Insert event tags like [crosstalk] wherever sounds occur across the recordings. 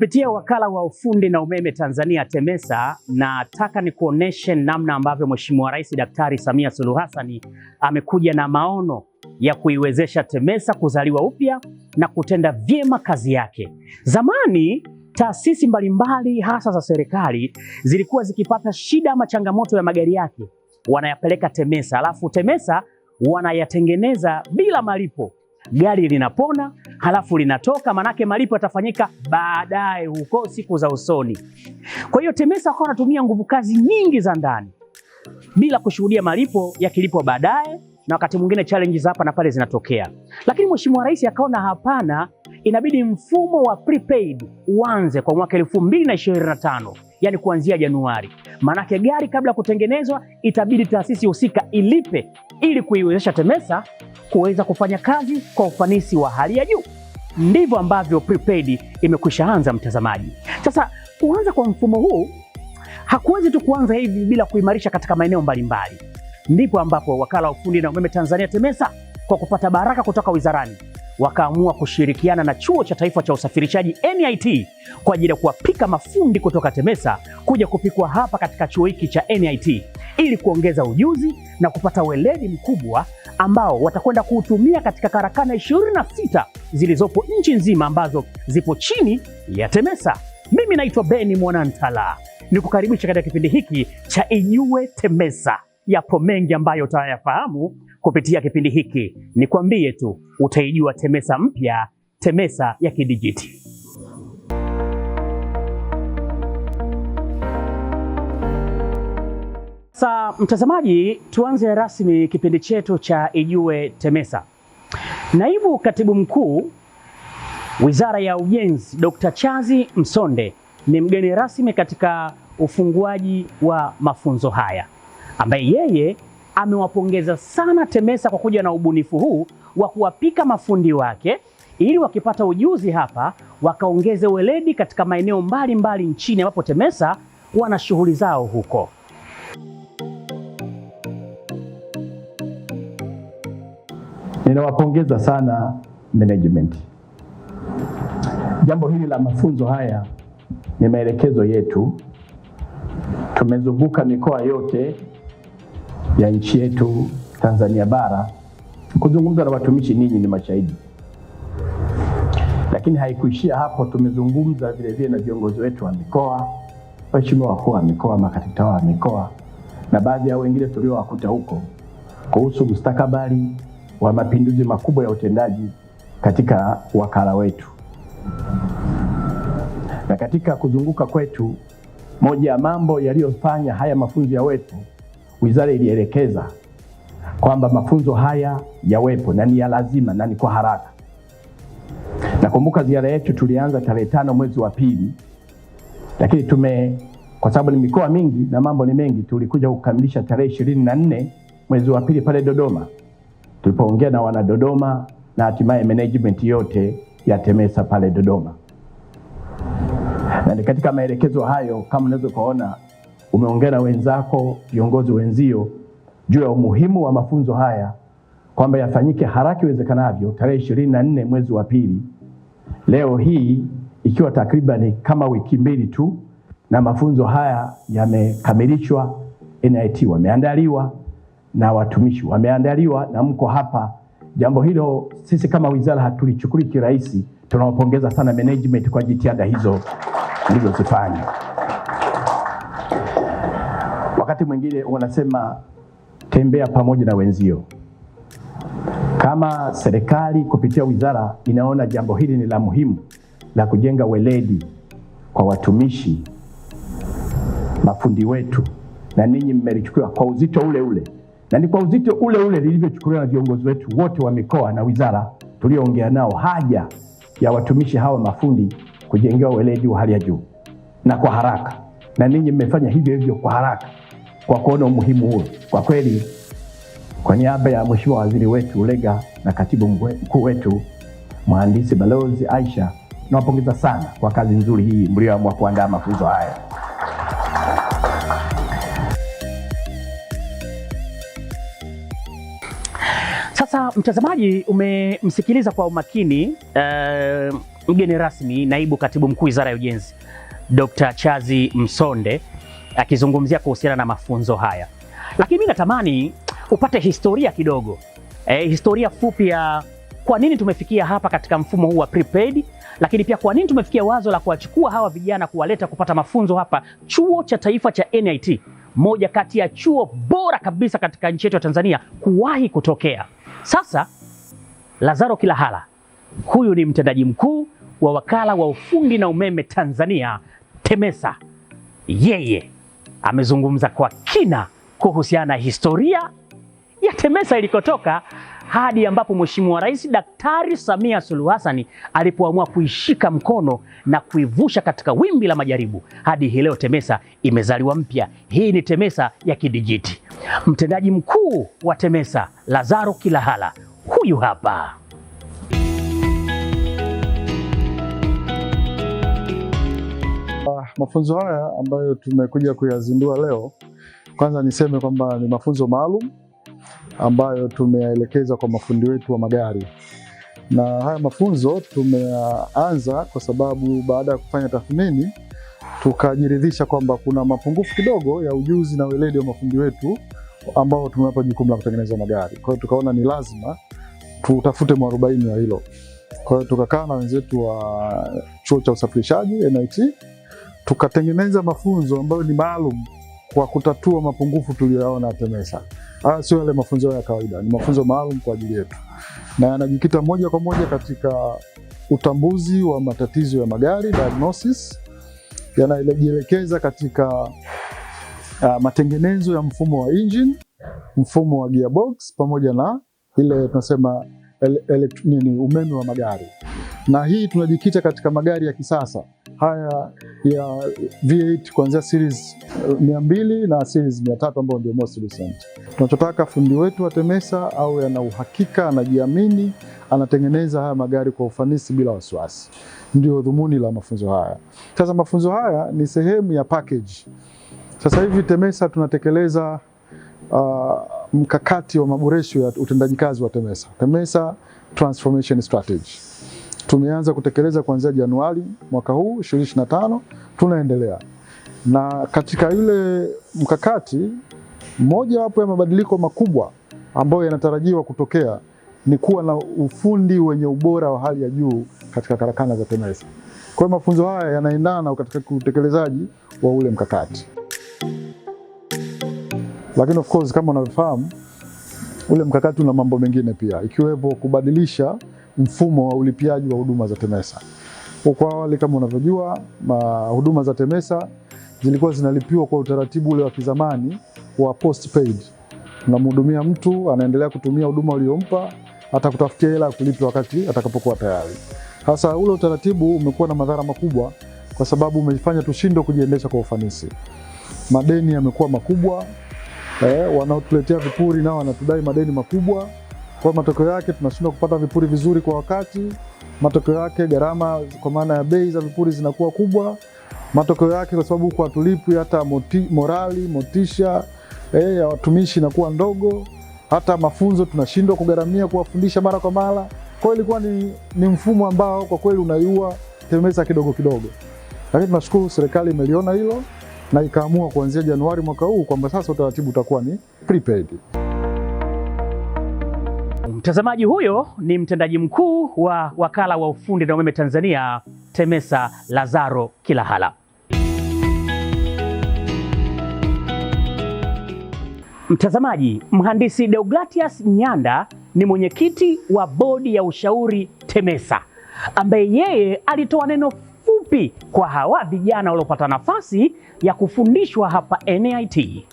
Kupitia wakala wa ufundi na umeme Tanzania TEMESA, nataka ni kuoneshe namna ambavyo Mheshimiwa Rais Daktari Samia Suluhu Hassan amekuja na maono ya kuiwezesha TEMESA kuzaliwa upya na kutenda vyema kazi yake. Zamani taasisi mbalimbali hasa za serikali zilikuwa zikipata shida ama changamoto ya magari yake, wanayapeleka TEMESA, alafu TEMESA wanayatengeneza bila malipo. Gari linapona, halafu linatoka, manake malipo yatafanyika baadaye huko siku za usoni. Kwa hiyo TEMESA wakawa wanatumia nguvu kazi nyingi za ndani bila kushuhudia malipo yakilipwa baadaye, na wakati mwingine challenges hapa na pale zinatokea, lakini Mheshimiwa Rais akaona hapana, inabidi mfumo wa prepaid uanze kwa mwaka 2025 yani kuanzia Januari. Maanake gari kabla ya kutengenezwa itabidi taasisi husika ilipe ili kuiwezesha TEMESA kuweza kufanya kazi kwa ufanisi wa hali ya juu. Ndivyo ambavyo prepaid imekwisha anza, mtazamaji. Sasa kuanza kwa mfumo huu hakuwezi tu kuanza hivi bila kuimarisha katika maeneo mbalimbali. Ndipo ambapo wakala wa ufundi na umeme Tanzania TEMESA kwa kupata baraka kutoka wizarani wakaamua kushirikiana na chuo cha taifa cha usafirishaji NIT kwa ajili ya kuwapika mafundi kutoka TEMESA kuja kupikwa hapa katika chuo hiki cha NIT ili kuongeza ujuzi na kupata weledi mkubwa ambao watakwenda kuutumia katika karakana sita zilizopo nchi nzima ambazo zipo chini ya TEMESA. Mimi naitwa Beni Mwanantala, nikukaribisha katika kipindi hiki cha Ijue TEMESA. Yapo mengi ambayo utayafahamu kupitia kipindi hiki, nikwambie tu utaijua TEMESA mpya, TEMESA ya kidijiti. Sa mtazamaji, tuanze rasmi kipindi chetu cha Ijue TEMESA. Naibu Katibu Mkuu Wizara ya Ujenzi, Dr. Chazi Msonde ni mgeni rasmi katika ufunguaji wa mafunzo haya ambaye yeye amewapongeza sana TEMESA kwa kuja na ubunifu huu wa kuwapika mafundi wake ili wakipata ujuzi hapa wakaongeze weledi katika maeneo mbalimbali nchini ambapo TEMESA wana shughuli zao huko. Ninawapongeza sana management. Jambo hili la mafunzo haya ni maelekezo yetu. Tumezunguka mikoa yote ya nchi yetu Tanzania bara kuzungumza na watumishi, ninyi ni mashahidi. Lakini haikuishia hapo, tumezungumza vile vile na viongozi wetu wa mikoa, waheshimiwa wakuu wa mikoa, makatibu tawala wa mikoa na baadhi ya wengine tuliowakuta huko kuhusu mustakabali wa mapinduzi makubwa ya utendaji katika wakala wetu. Na katika kuzunguka kwetu, moja ya mambo yaliyofanya haya mafunzo yawepo wizara ilielekeza kwamba mafunzo haya yawepo na ni ya lazima na ni kwa haraka. Nakumbuka ziara yetu tulianza tarehe tano mwezi wa pili, lakini tume kwa sababu ni mikoa mingi na mambo ni mengi, tulikuja kukamilisha tarehe ishirini na nne mwezi wa pili pale Dodoma tulipoongea na wana dodoma na hatimaye management yote ya TEMESA pale Dodoma, na katika maelekezo hayo kama unaweza kuona umeongea na wenzako viongozi wenzio juu ya umuhimu wa mafunzo haya kwamba yafanyike haraka iwezekanavyo tarehe ishirini na nne mwezi wa pili, leo hii ikiwa takriban kama wiki mbili tu, na mafunzo haya yamekamilishwa. NIT wameandaliwa na watumishi wameandaliwa na mko hapa. Jambo hilo sisi kama wizara hatulichukuli kirahisi, tunawapongeza sana management kwa jitihada hizo mlizozifanya wakati mwingine wanasema tembea pamoja na wenzio. Kama serikali kupitia wizara inaona jambo hili ni la muhimu la kujenga weledi kwa watumishi, mafundi wetu, na ninyi mmelichukua kwa uzito ule ule, na ni kwa uzito ule ule lilivyochukuliwa na viongozi wetu wote wa mikoa na wizara tulioongea nao, haja ya watumishi hawa mafundi kujengewa weledi wa hali ya juu na kwa haraka, na ninyi mmefanya hivyo hivyo kwa haraka kwa kuona umuhimu huo. Kwa kweli, kwa niaba ya Mheshimiwa Waziri wetu Ulega na Katibu Mkuu wetu Mhandisi Balozi Aisha, nawapongeza sana kwa kazi nzuri hii mlioamua kuandaa mafunzo haya. Sasa mtazamaji, umemsikiliza kwa umakini eh, mgeni uh, rasmi naibu katibu mkuu Wizara ya Ujenzi Dr. Chazi Msonde akizungumzia kuhusiana na mafunzo haya, lakini mimi natamani upate historia kidogo e, historia fupi ya kwa nini tumefikia hapa katika mfumo huu wa prepaid, lakini pia kwa nini tumefikia wazo la kuwachukua hawa vijana kuwaleta kupata mafunzo hapa Chuo cha Taifa cha NIT, moja kati ya chuo bora kabisa katika nchi yetu ya Tanzania kuwahi kutokea. Sasa Lazaro Kilahala huyu ni mtendaji mkuu wa wakala wa ufundi na umeme Tanzania TEMESA, yeye amezungumza kwa kina kuhusiana na historia ya Temesa ilikotoka hadi ambapo Mheshimiwa Rais Daktari Samia Suluhu Hassan alipoamua kuishika mkono na kuivusha katika wimbi la majaribu hadi hii leo Temesa imezaliwa mpya. Hii ni Temesa ya kidijiti. Mtendaji mkuu wa Temesa Lazaro Kilahala huyu hapa. Mafunzo haya ambayo tumekuja kuyazindua leo, kwanza niseme kwamba ni mafunzo maalum ambayo tumeyaelekeza kwa mafundi wetu wa magari, na haya mafunzo tumeanza kwa sababu baada ya kufanya tathmini tukajiridhisha kwamba kuna mapungufu kidogo ya ujuzi na weledi wa mafundi wetu ambao tumewapa jukumu la kutengeneza magari. Kwa hiyo tukaona ni lazima tutafute mwarobaini wa hilo. Kwa hiyo tukakaa na wenzetu wa chuo cha usafirishaji NIT tukatengeneza mafunzo ambayo ni maalum kwa kutatua mapungufu tuliyoona TEMESA. Haya ah, sio yale mafunzo ya kawaida, ni mafunzo maalum kwa ajili yetu, na yanajikita moja kwa moja katika utambuzi wa matatizo ya magari diagnosis, yanajielekeza katika uh, matengenezo ya mfumo wa engine, mfumo wa gearbox pamoja na ile tunasema ele, nini, umeme wa magari, na hii tunajikita katika magari ya kisasa haya ya V8 kuanzia series 200 eh, na series 300 ambayo ndio most recent. Tunachotaka fundi wetu wa Temesa au ana uhakika, anajiamini, anatengeneza haya magari kwa ufanisi bila wasiwasi, ndio dhumuni la mafunzo haya. Sasa mafunzo haya ni sehemu ya package. Sasa hivi Temesa tunatekeleza uh, mkakati wa maboresho ya utendaji kazi wa TEMESA, TEMESA Transformation Strategy. Tumeanza kutekeleza kuanzia Januari mwaka huu 2025, tunaendelea na katika ile mkakati. Mojawapo ya mabadiliko makubwa ambayo yanatarajiwa kutokea ni kuwa na ufundi wenye ubora wa hali ya juu katika karakana za TEMESA. Kwa hiyo mafunzo haya yanaendana katika utekelezaji wa ule mkakati. Lakini of course kama unavyofahamu ule mkakati una mambo mengine pia ikiwepo kubadilisha mfumo wa ulipiaji wa huduma za TEMESA. Kwa awali kama unavyojua, huduma za TEMESA zilikuwa zinalipiwa kwa utaratibu ule wa kizamani wa postpaid. Unamhudumia mtu anaendelea kutumia huduma uliyompa, atakutafutia hela ya kulipa wakati atakapokuwa tayari. Hasa ule utaratibu umekuwa na madhara makubwa, kwa sababu umefanya tushindwe kujiendesha kwa ufanisi. Madeni yamekuwa makubwa eh, wanaotuletea vipuri nao wanatudai madeni makubwa. Kwa matokeo yake tunashindwa kupata vipuri vizuri kwa wakati. Matokeo yake gharama kwa maana ya bei za vipuri zinakuwa kubwa. Matokeo yake kwa sababu kwa tulipu hata moti, morali motisha eh, ya watumishi inakuwa ndogo. Hata mafunzo tunashindwa kugharamia kuwafundisha mara kwa mara. Kwa hiyo ilikuwa ni, ni mfumo ambao kwa kweli unaiua TEMESA kidogo kidogo, lakini tunashukuru serikali imeliona hilo na ikaamua kuanzia Januari mwaka huu kwamba sasa utaratibu utakuwa ni prepaid. Mtazamaji huyo ni mtendaji mkuu wa wakala wa ufundi na umeme Tanzania TEMESA Lazaro Kilahala. Mtazamaji, mhandisi Deogratius Nyanda ni mwenyekiti wa bodi ya ushauri TEMESA ambaye yeye alitoa neno fupi kwa hawa vijana waliopata nafasi ya kufundishwa hapa NIT.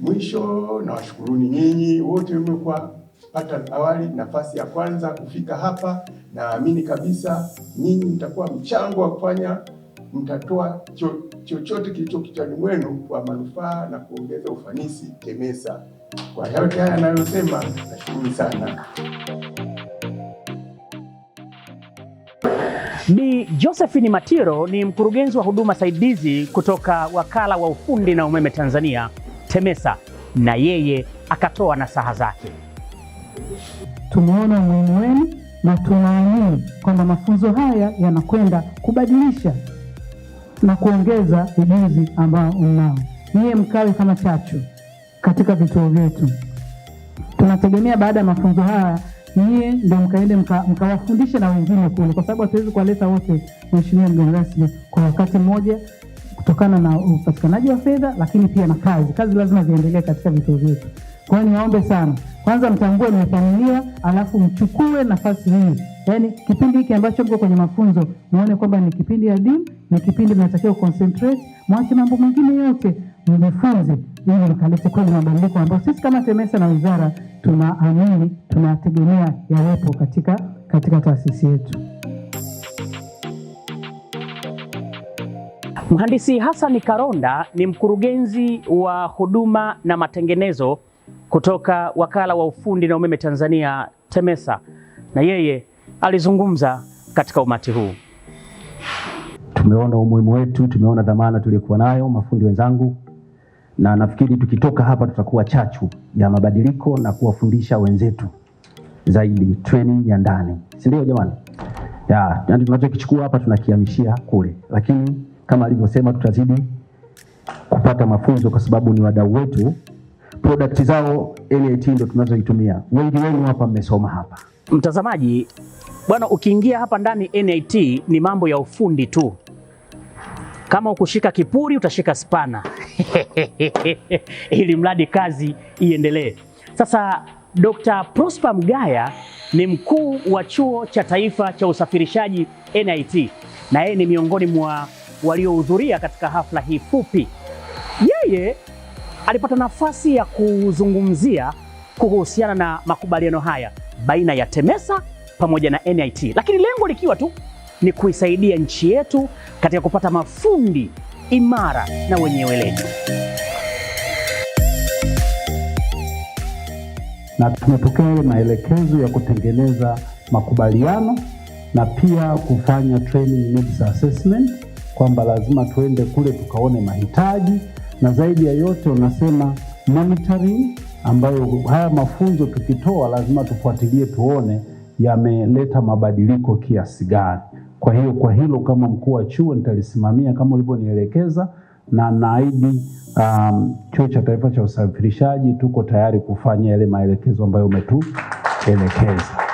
Mwisho na washukuruni nyinyi wote mmekuwa pata awali nafasi ya kwanza kufika hapa. Naamini kabisa nyinyi mtakuwa mchango wa kufanya, mtatoa chochote kilicho kichwani mwenu kwa manufaa na kuongeza ufanisi TEMESA. Kwa yote haya anayosema, nashukuru sana. Bi Josephine Matiro ni mkurugenzi wa huduma saidizi kutoka Wakala wa Ufundi na Umeme Tanzania TEMESA, na yeye akatoa nasaha zake. Tumeona umuhimu wenu na tunaamini kwamba mafunzo haya yanakwenda kubadilisha na kuongeza ujuzi ambao mnao. Niye mkawe kama chachu katika vituo vyetu. Tunategemea baada ya mafunzo haya nyie ndio mkaende mkawafundishe mka na wengine kule, kwa sababu hatuwezi kuwaleta wote, mheshimiwa mgeni rasmi, kwa wakati mmoja kutokana na upatikanaji wa fedha, lakini pia na kazi. Kazi lazima ziendelee katika vituo vyetu. Kwa hiyo niwaombe sana, kwanza mtambue nimefanikiwa, alafu mchukue nafasi hii, yaani kipindi hiki ambacho mko kwenye mafunzo muone kwamba ni kipindi adimu, ni kipindi mnatakiwa concentrate, mwache mambo mengine yote mjifunze ili likalete kweli mabadiliko ambayo sisi kama TEMESA na wizara tunaamini, tunategemea yawepo katika, katika taasisi yetu. Mhandisi Hassan Karonda ni mkurugenzi wa huduma na matengenezo kutoka Wakala wa Ufundi na Umeme Tanzania TEMESA, na yeye alizungumza katika umati huu. Tumeona umuhimu wetu, tumeona dhamana tuliyokuwa nayo mafundi wenzangu na nafikiri tukitoka hapa tutakuwa chachu ya mabadiliko na kuwafundisha wenzetu zaidi training ya ndani, si ndio jamani? Ya, yani tunachokichukua hapa tunakihamishia kule, lakini kama alivyosema tutazidi kupata mafunzo kwa sababu ni wadau wetu. Product zao NIT ndio tunazoitumia. Wengi wenu hapa mmesoma hapa. Mtazamaji bwana, ukiingia hapa ndani NIT ni mambo ya ufundi tu. Kama ukushika kipuri utashika spana [laughs] ili mradi kazi iendelee. Sasa Dr. Prosper Mgaya ni mkuu wa chuo cha taifa cha usafirishaji NIT, na yeye ni miongoni mwa waliohudhuria katika hafla hii fupi. Yeye alipata nafasi ya kuzungumzia kuhusiana na makubaliano haya baina ya TEMESA pamoja na NIT, lakini lengo likiwa tu ni kuisaidia nchi yetu katika kupata mafundi imara na wenye weledi. Na tumepokea yale maelekezo ya kutengeneza makubaliano na pia kufanya training needs assessment, kwamba lazima tuende kule tukaone mahitaji, na zaidi ya yote unasema monitoring, ambayo haya mafunzo tukitoa lazima tufuatilie, tuone yameleta mabadiliko kiasi gani. Kwa hiyo kwa hilo kama mkuu wa chuo nitalisimamia kama ulivyonielekeza, na naahidi um, Chuo cha Taifa cha Usafirishaji tuko tayari kufanya yale maelekezo ambayo umetuelekeza.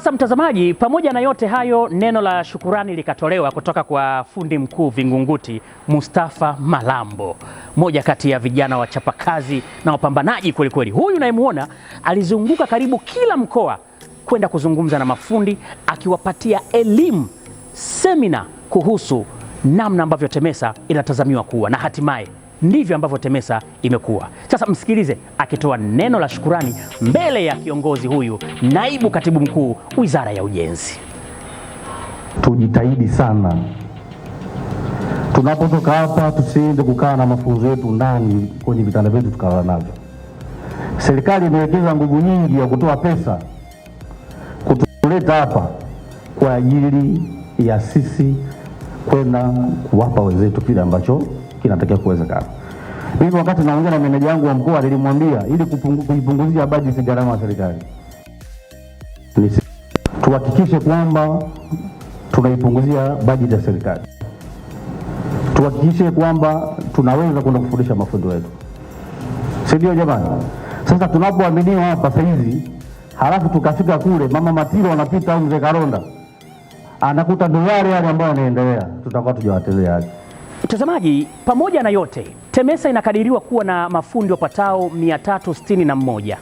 Sasa mtazamaji, pamoja na yote hayo, neno la shukurani likatolewa kutoka kwa fundi mkuu Vingunguti Mustafa Malambo, moja kati ya vijana wachapakazi na wapambanaji kwelikweli. Huyu unayemwona alizunguka karibu kila mkoa kwenda kuzungumza na mafundi, akiwapatia elimu, semina kuhusu namna ambavyo TEMESA inatazamiwa kuwa na hatimaye ndivyo ambavyo TEMESA imekuwa. Sasa msikilize akitoa neno la shukurani mbele ya kiongozi huyu, naibu katibu mkuu Wizara ya Ujenzi. Tujitahidi sana tunapotoka hapa, tusiende kukaa na mafunzo yetu ndani kwenye vitanda vyetu tukawa navyo. Serikali imewekeza nguvu nyingi ya kutoa pesa kutuleta hapa kwa ajili ya sisi kwenda kuwapa wenzetu kile ambacho kinatakiwa kuwezekana. Hivyo wakati naongea na meneja wangu wa mkoa nilimwambia ili kuipunguzia bajeti gharama ya serikali tuhakikishe kwamba tunaipunguzia bajeti ya serikali, tuhakikishe kwamba tunaweza kwenda kufundisha mafundi wetu, si ndio jamani? Sasa tunapoaminiwa hapa saizi halafu tukafika kule, mama Matiro anapita au mzee Karonda anakuta ndo yale yale ambayo anaendelea, tutakuwa tujawatelea haki. Mtazamaji, pamoja na yote, TEMESA inakadiriwa kuwa na mafundi wapatao 361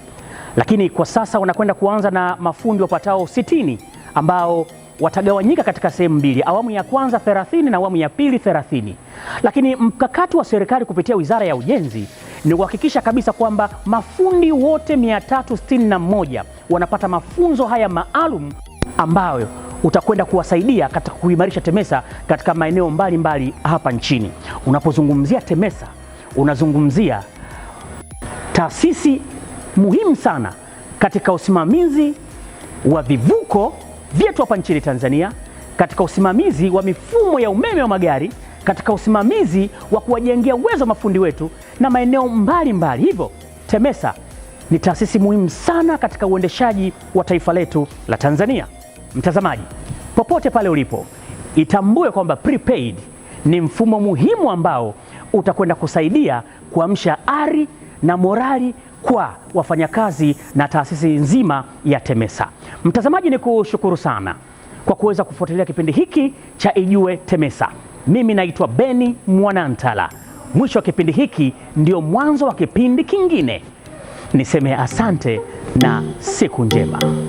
lakini kwa sasa wanakwenda kuanza na mafundi wapatao 60 ambao watagawanyika katika sehemu mbili, awamu ya kwanza 30 na awamu ya pili 30. Lakini mkakati wa serikali kupitia Wizara ya Ujenzi ni kuhakikisha kabisa kwamba mafundi wote 361 wanapata mafunzo haya maalum ambayo utakwenda kuwasaidia katika kuimarisha TEMESA katika maeneo mbalimbali mbali hapa nchini. Unapozungumzia TEMESA unazungumzia taasisi muhimu sana katika usimamizi wa vivuko vyetu hapa nchini Tanzania, katika usimamizi wa mifumo ya umeme wa magari, katika usimamizi wa kuwajengea uwezo mafundi wetu na maeneo mbalimbali. Hivyo TEMESA ni taasisi muhimu sana katika uendeshaji wa taifa letu la Tanzania. Mtazamaji popote pale ulipo, itambue kwamba prepaid ni mfumo muhimu ambao utakwenda kusaidia kuamsha ari na morali kwa wafanyakazi na taasisi nzima ya TEMESA. Mtazamaji, ni kushukuru sana kwa kuweza kufuatilia kipindi hiki cha Ijue TEMESA. Mimi naitwa Beni Mwanantala. Mwisho wa kipindi hiki ndio mwanzo wa kipindi kingine. Niseme asante na siku njema.